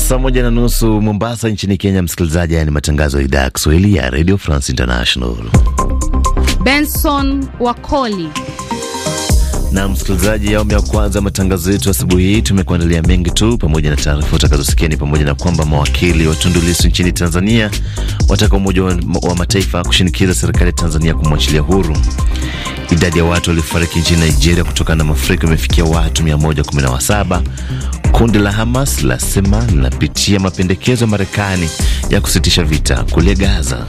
Saa moja na nusu Mombasa nchini Kenya. Msikilizaji, haya ni matangazo ya idhaa ya Kiswahili ya Radio France International. Benson Wakoli na msikilizaji, awamu ya kwanza matangazo yetu asubuhi hii tumekuandalia mengi tu, pamoja na taarifa utakazosikia ni pamoja na kwamba mawakili wa Tundu Lissu nchini Tanzania wataka Umoja wa Mataifa kushinikiza serikali ya Tanzania kumwachilia huru. Idadi ya watu waliofariki nchini Nigeria kutokana na mafuriko imefikia watu 117. Kundi la Hamas lasema linapitia mapendekezo ya Marekani ya kusitisha vita kule Gaza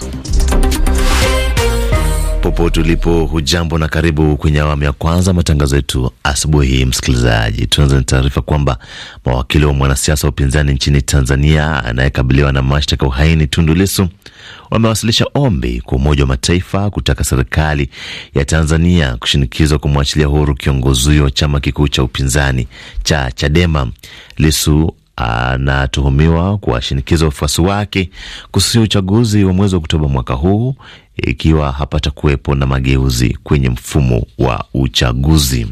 popote ulipo, hujambo na karibu kwenye awamu ya kwanza matangazo yetu asubuhi. Msikilizaji, tunaanza na taarifa kwamba mawakili wa mwanasiasa wa upinzani nchini Tanzania anayekabiliwa na mashtaka uhaini Tundu Lissu wamewasilisha ombi kwa Umoja wa Mataifa kutaka serikali ya Tanzania kushinikizwa kumwachilia huru kiongozi huyo wa chama kikuu cha upinzani cha Chadema. Lissu anatuhumiwa kuwashinikiza wafuasi wake kususia uchaguzi wa mwezi wa Oktoba mwaka huu ikiwa hapatakuwepo na mageuzi kwenye mfumo wa uchaguzi.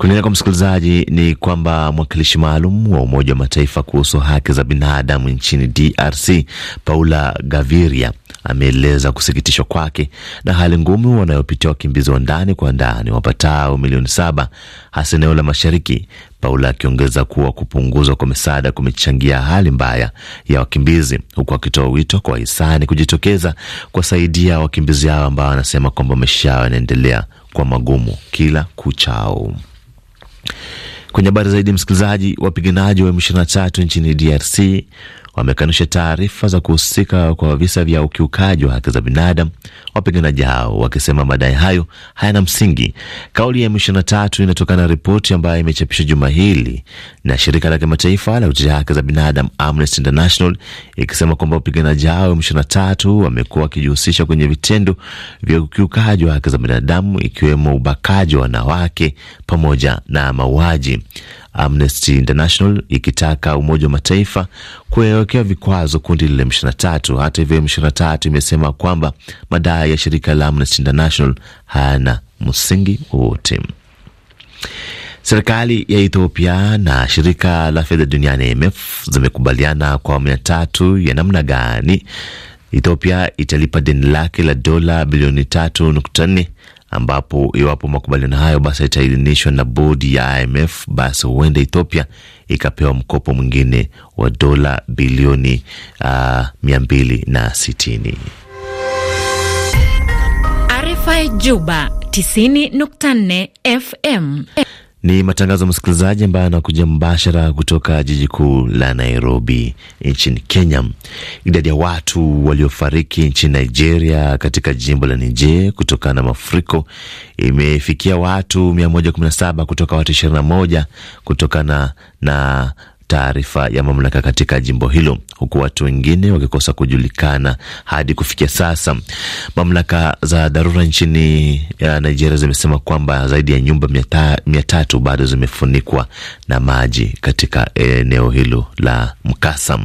Kuendelea kwa msikilizaji ni kwamba mwakilishi maalum wa Umoja wa Mataifa kuhusu haki za binadamu nchini DRC Paula Gaviria ameeleza kusikitishwa kwake na hali ngumu wanayopitia wakimbizi wa ndani kwa ndani wapatao milioni saba hasa eneo la mashariki. Paula akiongeza kuwa kupunguzwa kwa misaada kumechangia hali mbaya ya wakimbizi, huku akitoa wito kwa wahisani kujitokeza kuwasaidia wakimbizi hao ambao wanasema kwamba maisha yao yanaendelea kwa magumu kila kuchao. Kwenye habari zaidi, msikilizaji, wapiganaji wa M23 nchini DRC wamekanusha taarifa za kuhusika kwa visa vya ukiukaji wa haki za binadamu, wapiganaji hao wakisema madai hayo hayana msingi. Kauli ya M23 inatokana na ripoti ambayo imechapishwa juma hili na shirika la kimataifa la kutetea haki za binadamu Amnesty International, ikisema kwamba wapiganaji hao M23 wamekuwa wakijihusisha kwenye vitendo vya ukiukaji wa haki za binadamu, ikiwemo ubakaji wa wanawake pamoja na mauaji. Amnesty International ikitaka Umoja wa Mataifa kuwekea vikwazo kundi lile M23. Hata hivyo, M23 imesema kwamba madai ya shirika la Amnesty International hayana msingi wowote. Serikali ya Ethiopia na shirika la fedha duniani IMF zimekubaliana kwa awamu ya tatu ya namna gani Ethiopia italipa deni lake la dola bilioni tatu nukta nne ambapo iwapo makubaliano hayo basi yataidhinishwa na bodi ya IMF, basi huenda Ethiopia ikapewa mkopo mwingine wa dola bilioni uh, ah, mia mbili na sitini. RFI Juba 90.4 FM. Ni matangazo msikilizaji, ambayo yanakuja mbashara kutoka jiji kuu la Nairobi nchini Kenya. Idadi ya watu waliofariki nchini Nigeria katika jimbo la Niger kutokana na mafuriko imefikia watu 117 kutoka watu 21 kutokana na taarifa ya mamlaka katika jimbo hilo, huku watu wengine wakikosa kujulikana hadi kufikia sasa. Mamlaka za dharura nchini ya eh, Nigeria zimesema kwamba zaidi ya nyumba mia tatu bado zimefunikwa na maji katika eh, eneo hilo la mkasa.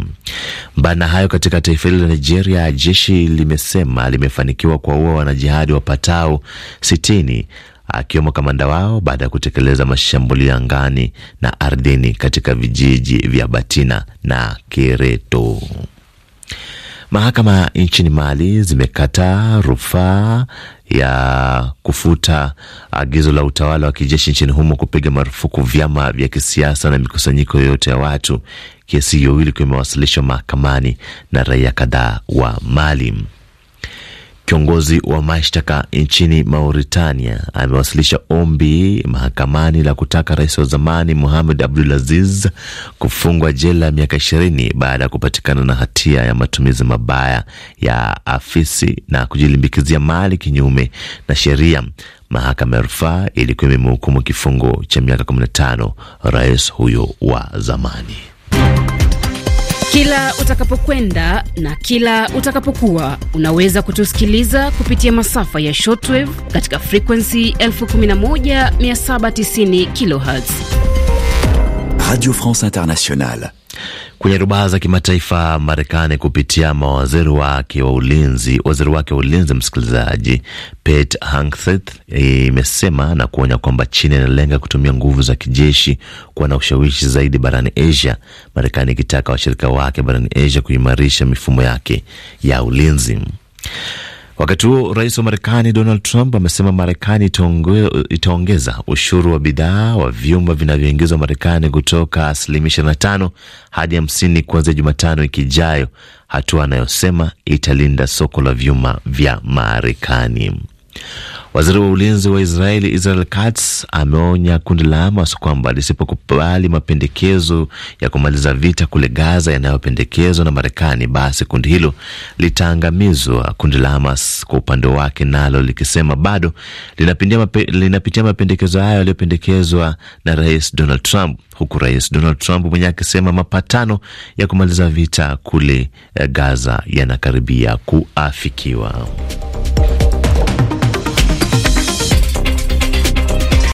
Mbali na hayo, katika taifa hilo la Nigeria, jeshi limesema limefanikiwa kuwaua wanajihadi wapatao sitini akiwemo kamanda wao baada ya kutekeleza mashambulio angani na ardhini katika vijiji vya Batina na Kireto. Mahakama nchini Mali zimekataa rufaa ya kufuta agizo la utawala wa kijeshi nchini humo kupiga marufuku vyama vya kisiasa na mikusanyiko yoyote ya watu. Kesi hiyo imewasilishwa mahakamani na raia kadhaa wa Mali. Kiongozi wa mashtaka nchini Mauritania amewasilisha ombi mahakamani la kutaka rais wa zamani Mohamed aziz kufungwa jela miaka ishirini baada ya kupatikana na hatia ya matumizi mabaya ya afisi na kujilimbikizia mali kinyume na sheria. Mahakama ya rufaa ilikuwa imemhukumu kifungo cha miaka 15 rais huyo wa zamani. Kila utakapokwenda na kila utakapokuwa unaweza kutusikiliza kupitia masafa ya shortwave katika frequency 11790 kh Radio France Internationale. Kwenye rubaa za kimataifa, Marekani kupitia mawaziri wake wa ulinzi, waziri wake wa ulinzi, msikilizaji, Pete Hegseth imesema na kuonya kwamba China inalenga kutumia nguvu za kijeshi kuwa na ushawishi zaidi barani Asia, Marekani ikitaka washirika wake barani Asia kuimarisha mifumo yake ya ulinzi. Wakati huo rais wa Marekani Donald Trump amesema Marekani itaongeza ushuru wa bidhaa wa vyuma vinavyoingizwa Marekani kutoka asilimia 25 hadi 50 kuanzia Jumatano wiki ijayo, hatua anayosema italinda soko la vyuma vya Marekani. Waziri wa ulinzi wa Israeli Israel Katz ameonya kundi la Hamas kwamba lisipokubali mapendekezo ya kumaliza vita kule Gaza yanayopendekezwa na Marekani, basi kundi hilo litaangamizwa. Kundi la Hamas kwa upande wake nalo likisema bado linapitia mape, linapitia mapendekezo hayo yaliyopendekezwa na Rais Donald Trump, huku Rais Donald Trump mwenyewe akisema mapatano ya kumaliza vita kule eh, Gaza yanakaribia kuafikiwa.